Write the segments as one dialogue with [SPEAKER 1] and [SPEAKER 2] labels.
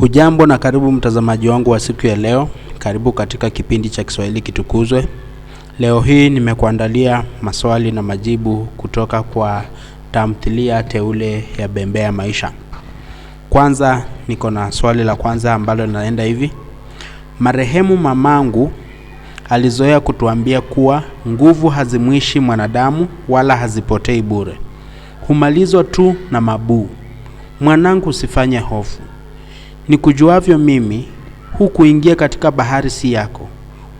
[SPEAKER 1] Hujambo na karibu mtazamaji wangu wa siku ya leo. Karibu katika kipindi cha Kiswahili kitukuzwe. Leo hii nimekuandalia maswali na majibu kutoka kwa tamthilia teule ya Bembea Maisha. Kwanza niko na swali la kwanza ambalo linaenda hivi: marehemu mamangu alizoea kutuambia kuwa nguvu hazimwishi mwanadamu wala hazipotei bure, humalizwa tu na mabuu. Mwanangu, usifanye hofu, ni kujuavyo mimi, hu kuingia katika bahari si yako,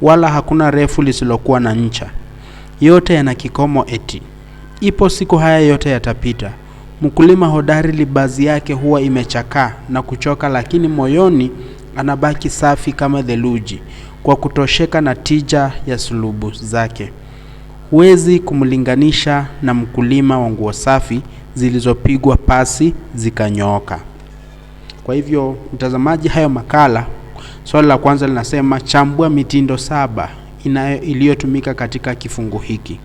[SPEAKER 1] wala hakuna refu lisilokuwa na ncha. Yote yana kikomo eti. Ipo siku haya yote yatapita. Mkulima hodari libazi yake huwa imechakaa na kuchoka, lakini moyoni anabaki safi kama theluji kwa kutosheka na tija ya sulubu zake. Huwezi kumlinganisha na mkulima wa nguo safi zilizopigwa pasi zikanyooka. Kwa hivyo mtazamaji, hayo makala, swali la kwanza linasema chambua mitindo saba iliyotumika katika kifungu hiki.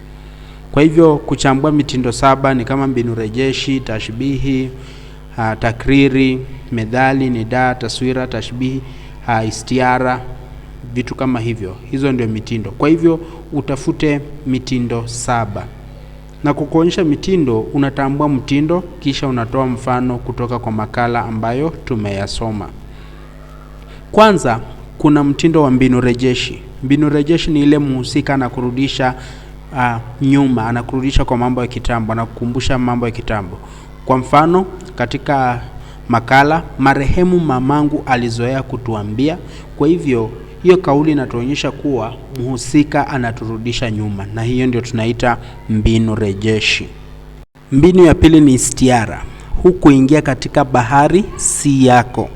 [SPEAKER 1] Kwa hivyo kuchambua mitindo saba ni kama mbinu rejeshi, tashbihi, uh, takriri, methali, nidaa, taswira, tashbihi, uh, istiara, vitu kama hivyo. Hizo ndio mitindo. Kwa hivyo utafute mitindo saba na kukuonyesha mitindo, unatambua mtindo kisha unatoa mfano kutoka kwa makala ambayo tumeyasoma. Kwanza kuna mtindo wa mbinu rejeshi. Mbinu rejeshi ni ile mhusika anakurudisha uh, nyuma, anakurudisha kwa mambo ya kitambo, anakukumbusha mambo ya kitambo. Kwa mfano katika makala marehemu mamangu alizoea kutuambia, kwa hivyo hiyo kauli inatuonyesha kuwa mhusika anaturudisha nyuma, na hiyo ndio tunaita mbinu rejeshi. Mbinu ya pili ni istiara. Hu kuingia katika bahari si yako.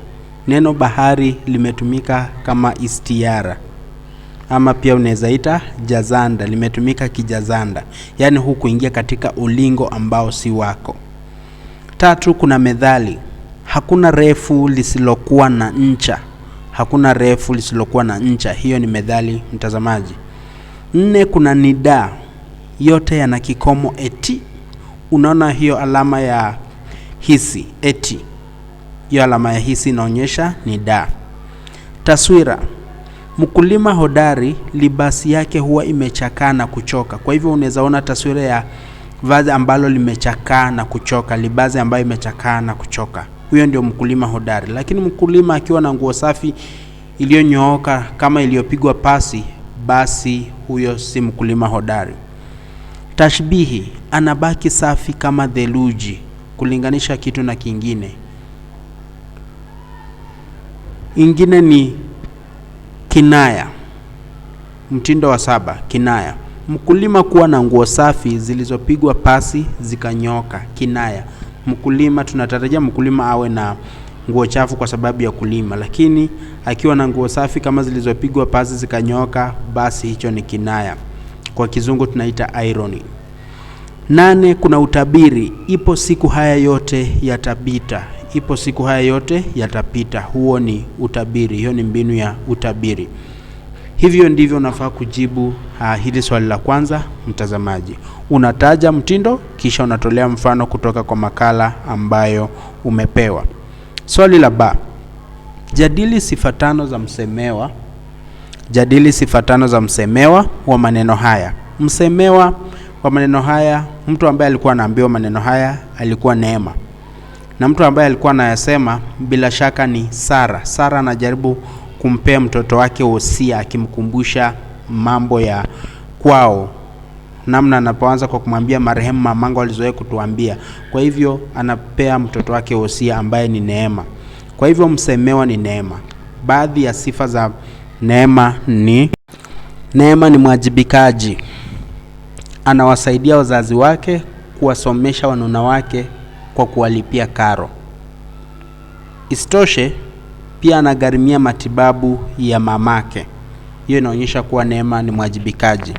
[SPEAKER 1] Neno bahari limetumika kama istiara ama pia unaweza ita jazanda, limetumika kijazanda, yaani hu kuingia katika ulingo ambao si wako. Tatu, kuna methali, hakuna refu lisilokuwa na ncha hakuna refu lisilokuwa na ncha. Hiyo ni methali mtazamaji. Nne, kuna nidaa, yote yana kikomo eti. Unaona hiyo alama ya hisi eti, hiyo alama ya hisi inaonyesha nida Taswira, mkulima hodari libasi yake huwa imechakaa na kuchoka. Kwa hivyo unaweza ona taswira ya vazi ambalo limechakaa na kuchoka, libasi ambayo imechakaa na kuchoka huyo ndio mkulima hodari. Lakini mkulima akiwa na nguo safi iliyonyooka kama iliyopigwa pasi, basi huyo si mkulima hodari. Tashbihi, anabaki safi kama theluji, kulinganisha kitu na kingine. Ingine ni kinaya, mtindo wa saba, kinaya mkulima kuwa na nguo safi zilizopigwa pasi zikanyoka, kinaya mkulima, tunatarajia mkulima awe na nguo chafu kwa sababu ya kulima, lakini akiwa na nguo safi kama zilizopigwa pasi zikanyoka basi hicho ni kinaya, kwa kizungu tunaita irony. Nane, kuna utabiri. Ipo siku haya yote yatapita, ipo siku haya yote yatapita. Huo ni utabiri, hiyo ni mbinu ya utabiri. Hivyo ndivyo unafaa kujibu Uh, hili swali la kwanza mtazamaji, unataja mtindo kisha unatolea mfano kutoka kwa makala ambayo umepewa. Swali la ba, jadili sifa tano za msemewa. Jadili sifa tano za msemewa wa maneno haya. Msemewa wa maneno haya, mtu ambaye alikuwa anaambiwa maneno haya alikuwa Neema, na mtu ambaye alikuwa anayasema bila shaka ni Sara. Sara anajaribu kumpea mtoto wake wosia, akimkumbusha mambo ya kwao, namna anapoanza kwa kumwambia marehemu mamangu alizoea kutuambia. Kwa hivyo anapea mtoto wake wosia ambaye ni Neema. Kwa hivyo msemewa ni Neema. Baadhi ya sifa za Neema ni Neema ni mwajibikaji, anawasaidia wazazi wake, kuwasomesha wanuna wake kwa kuwalipia karo. Isitoshe, pia anagharimia matibabu ya mamake hiyo inaonyesha kuwa Neema ni mwajibikaji.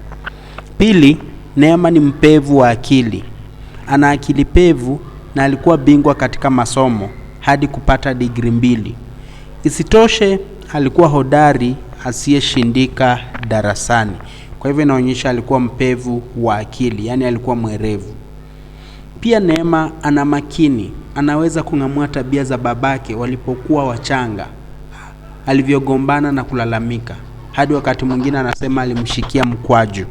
[SPEAKER 1] Pili, Neema ni mpevu wa akili, ana akili pevu na alikuwa bingwa katika masomo hadi kupata digrii mbili. Isitoshe, alikuwa hodari asiyeshindika darasani. Kwa hivyo inaonyesha alikuwa mpevu wa akili, yaani alikuwa mwerevu. Pia Neema ana makini, anaweza kung'amua tabia za babake walipokuwa wachanga, alivyogombana na kulalamika hadi wakati mwingine anasema alimshikia mkwaju.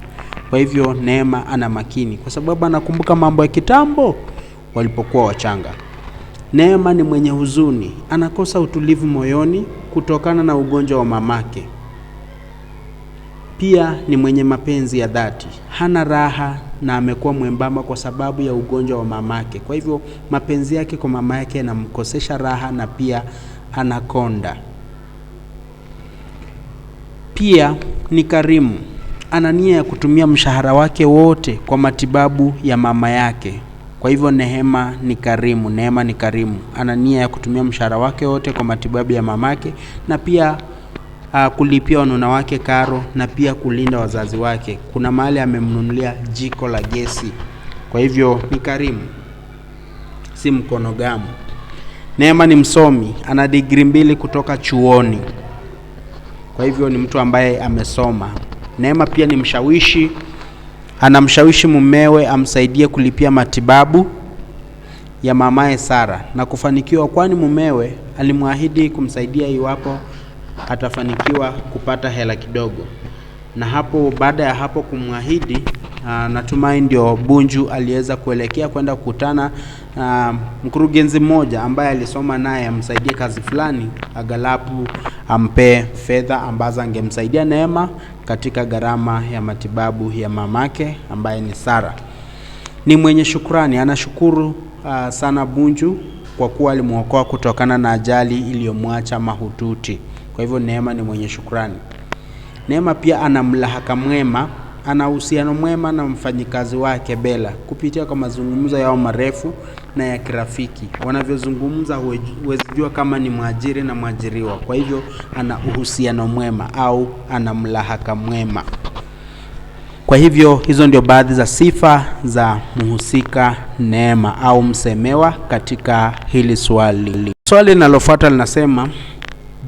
[SPEAKER 1] Kwa hivyo Neema ana makini kwa sababu anakumbuka mambo ya kitambo walipokuwa wachanga. Neema ni mwenye huzuni, anakosa utulivu moyoni kutokana na ugonjwa wa mamake. Pia ni mwenye mapenzi ya dhati, hana raha na amekuwa mwembamba kwa sababu ya ugonjwa wa mamake. Kwa hivyo mapenzi yake kwa mama yake yanamkosesha raha na pia anakonda. Pia ni karimu, ana nia ya kutumia mshahara wake wote kwa matibabu ya mama yake. Kwa hivyo Nehema ni karimu, Neema ni karimu, ana nia ya kutumia mshahara wake wote kwa matibabu ya mamake na pia uh, kulipia wanuna wake karo na pia kulinda wazazi wake. Kuna mahali amemnunulia jiko la gesi, kwa hivyo ni karimu, si mkonogamu. Neema ni msomi, ana digrii mbili kutoka chuoni. Kwa hivyo ni mtu ambaye amesoma. Neema pia ni mshawishi, anamshawishi mumewe amsaidie kulipia matibabu ya mamaye Sara na kufanikiwa, kwani mumewe alimwahidi kumsaidia iwapo atafanikiwa kupata hela kidogo, na hapo baada ya hapo kumwahidi natumai ndio Bunju aliweza kuelekea kwenda kukutana na mkurugenzi mmoja ambaye alisoma naye amsaidie kazi fulani, agalapu ampe fedha ambazo angemsaidia Neema katika gharama ya matibabu ya mamake ambaye ni Sara. Ni mwenye shukrani, anashukuru uh, sana Bunju kwa kuwa alimwokoa kutokana na ajali iliyomwacha mahututi. Kwa hivyo Neema ni mwenye shukrani. Neema pia ana mlahaka mwema ana uhusiano mwema na mfanyikazi wake Bella kupitia kwa mazungumzo yao marefu na ya kirafiki. Wanavyozungumza huwezi jua kama ni mwajiri na mwajiriwa, kwa hivyo ana uhusiano mwema au ana mlahaka mwema. Kwa hivyo hizo ndio baadhi za sifa za mhusika Neema au msemewa katika hili swali. Swali linalofuata linasema,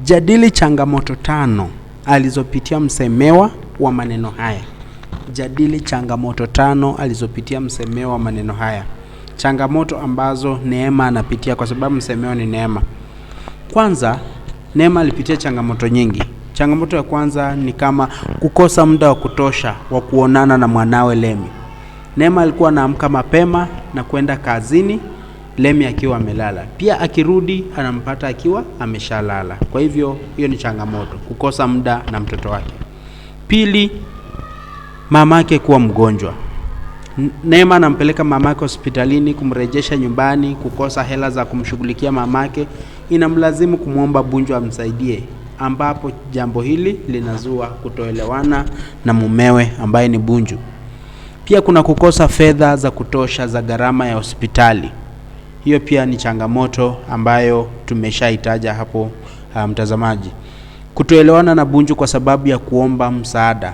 [SPEAKER 1] jadili changamoto tano alizopitia msemewa wa maneno haya jadili changamoto tano alizopitia msemeo wa maneno haya, changamoto ambazo Neema anapitia, kwa sababu msemeo ni Neema. Kwanza, Neema alipitia changamoto nyingi. Changamoto ya kwanza ni kama kukosa muda wa kutosha wa kuonana na mwanawe Lemi. Neema alikuwa anaamka mapema na kwenda kazini, Lemi akiwa amelala. Pia akirudi anampata akiwa ameshalala. Kwa hivyo hiyo ni changamoto, kukosa muda na mtoto wake. Pili, mamake kuwa mgonjwa. Neema anampeleka mamake hospitalini, kumrejesha nyumbani, kukosa hela za kumshughulikia mamake, inamlazimu kumwomba Bunju amsaidie, ambapo jambo hili linazua kutoelewana na mumewe ambaye ni Bunju. Pia kuna kukosa fedha za kutosha za gharama ya hospitali. Hiyo pia ni changamoto ambayo tumeshaitaja hapo, ah, mtazamaji. kutoelewana na Bunju kwa sababu ya kuomba msaada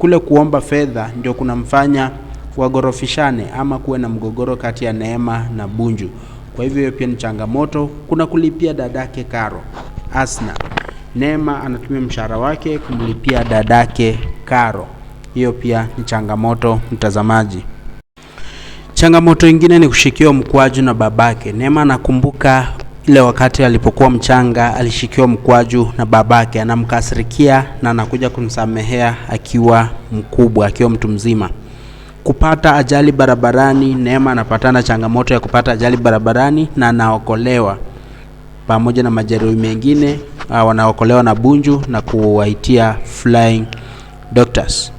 [SPEAKER 1] kule kuomba fedha ndio kunamfanya wagorofishane ama kuwe na mgogoro kati ya Neema na Bunju. Kwa hivyo hiyo pia ni changamoto. Kuna kulipia dadake karo Asna. Neema anatumia mshahara wake kumlipia dadake karo. Hiyo pia ni changamoto, mtazamaji. Changamoto ingine ni kushikiwa mkwaju na babake. Neema anakumbuka ile wakati alipokuwa mchanga alishikiwa mkwaju na babake, anamkasirikia na anakuja kumsamehea akiwa mkubwa, akiwa mtu mzima. Kupata ajali barabarani, Neema anapatana changamoto ya kupata ajali barabarani na anaokolewa pamoja na majeruhi mengine, ah, wanaokolewa na Bunju na kuwaitia flying doctors.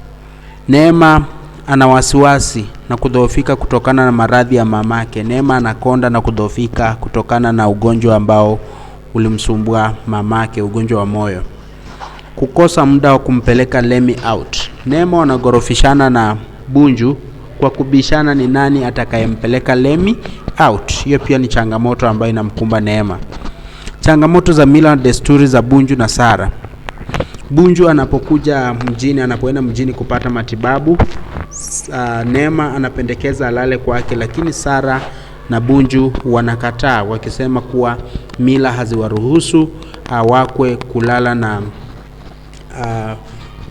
[SPEAKER 1] Neema ana wasiwasi na kudhoofika kutokana na maradhi ya mamake. Neema anakonda na kudhoofika kutokana na ugonjwa ambao ulimsumbua mamake, ugonjwa wa moyo. Kukosa muda wa kumpeleka Lemi out. Neema wanagorofishana na Bunju kwa kubishana ni nani atakayempeleka Lemi out. Hiyo pia ni changamoto ambayo inamkumba Neema. Changamoto za mila na desturi za Bunju na Sara. Bunju anapokuja mjini, anapoenda mjini kupata matibabu, uh, Neema anapendekeza alale kwake, lakini Sara na Bunju wanakataa wakisema kuwa mila haziwaruhusu uh, wakwe kulala na uh,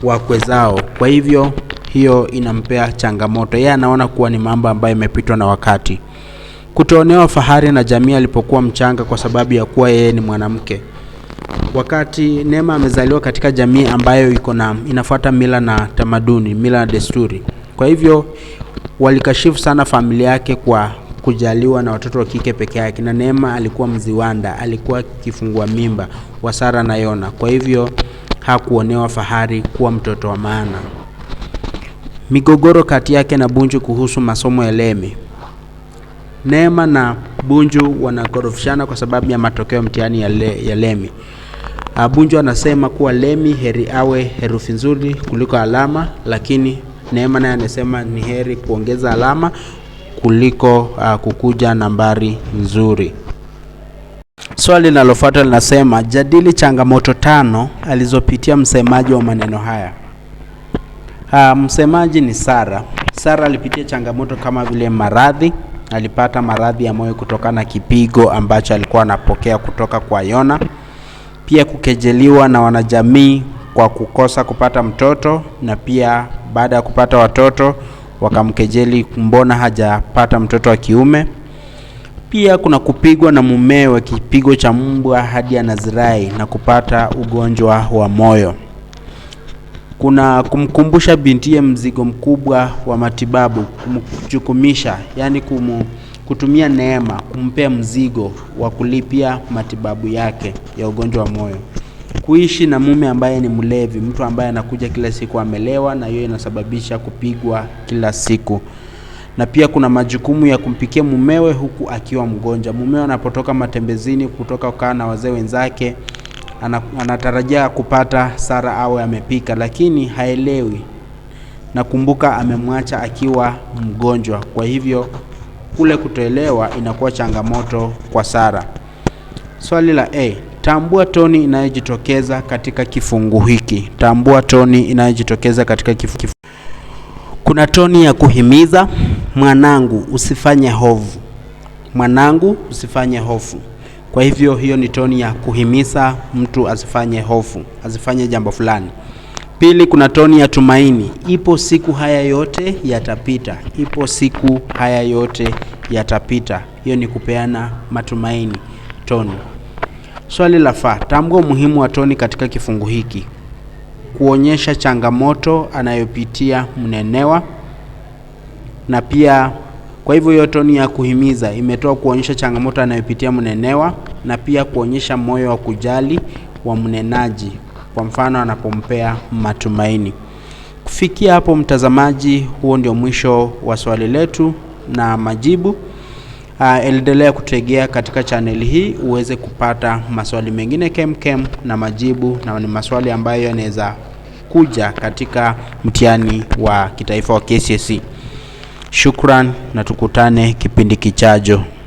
[SPEAKER 1] wakwe zao. Kwa hivyo hiyo inampea changamoto yeye, anaona kuwa ni mambo ambayo imepitwa na wakati. Kutoonewa fahari na jamii alipokuwa mchanga kwa sababu ya kuwa yeye ni mwanamke. Wakati Neema amezaliwa katika jamii ambayo iko na inafuata mila na tamaduni, mila na desturi. Kwa hivyo walikashifu sana familia yake kwa kujaliwa na watoto wa kike peke yake, na Neema alikuwa mziwanda, alikuwa kifungua mimba wa Sara na Yona. Kwa hivyo hakuonewa fahari kuwa mtoto wa maana. Migogoro kati yake na Bunju kuhusu masomo ya Lemi. Neema na Bunju wanakorofishana kwa sababu ya matokeo mtihani ya, le, ya Lemi. Ah, Bunju anasema kuwa Lemi heri awe herufi nzuri kuliko alama, lakini Neema naye anasema ni heri kuongeza alama kuliko uh, kukuja nambari nzuri. Swali linalofuata linasema jadili changamoto tano alizopitia msemaji wa maneno haya. Uh, msemaji ni Sara. Sara alipitia changamoto kama vile maradhi, alipata maradhi ya moyo kutokana na kipigo ambacho alikuwa anapokea kutoka kwa Yona, pia kukejeliwa na wanajamii kwa kukosa kupata mtoto, na pia baada ya kupata watoto wakamkejeli, mbona hajapata mtoto wa kiume. Pia kuna kupigwa na mumewe kipigo cha mbwa hadi anazirai na kupata ugonjwa wa moyo. Kuna kumkumbusha bintiye mzigo mkubwa wa matibabu, kumchukumisha, yaani kumu, kutumia neema kumpea mzigo wa kulipia matibabu yake ya ugonjwa wa moyo kuishi na mume ambaye ni mlevi, mtu ambaye anakuja kila siku amelewa, na hiyo inasababisha kupigwa kila siku. Na pia kuna majukumu ya kumpikia mumewe huku akiwa mgonjwa. Mumewe anapotoka matembezini, kutoka kukaa na wazee wenzake, anatarajia kupata Sara awe amepika, lakini haelewi. Nakumbuka amemwacha akiwa mgonjwa, kwa hivyo kule kutoelewa inakuwa changamoto kwa Sara. Swali la A, Tambua toni inayojitokeza katika kifungu hiki. Tambua toni inayojitokeza katika kifungu. Kuna toni ya kuhimiza, mwanangu usifanye hofu, mwanangu usifanye hofu. Kwa hivyo hiyo ni toni ya kuhimiza mtu asifanye hofu, asifanye jambo fulani. Pili, kuna toni ya tumaini, ipo siku haya yote yatapita, ipo siku haya yote yatapita. Hiyo ni kupeana matumaini toni. Swali la fa, tamka muhimu wa toni katika kifungu hiki: kuonyesha changamoto anayopitia mnenewa, na pia kwa hivyo hiyo toni ya kuhimiza imetoa kuonyesha changamoto anayopitia mnenewa na pia kuonyesha moyo wa kujali wa mnenaji, kwa mfano anapompea matumaini. Kufikia hapo, mtazamaji, huo ndio mwisho wa swali letu na majibu uh, endelea kutegea katika chaneli hii uweze kupata maswali mengine kemkem na majibu, na ni maswali ambayo yanaweza kuja katika mtihani wa kitaifa wa KCSE. Shukran na tukutane kipindi kichajo.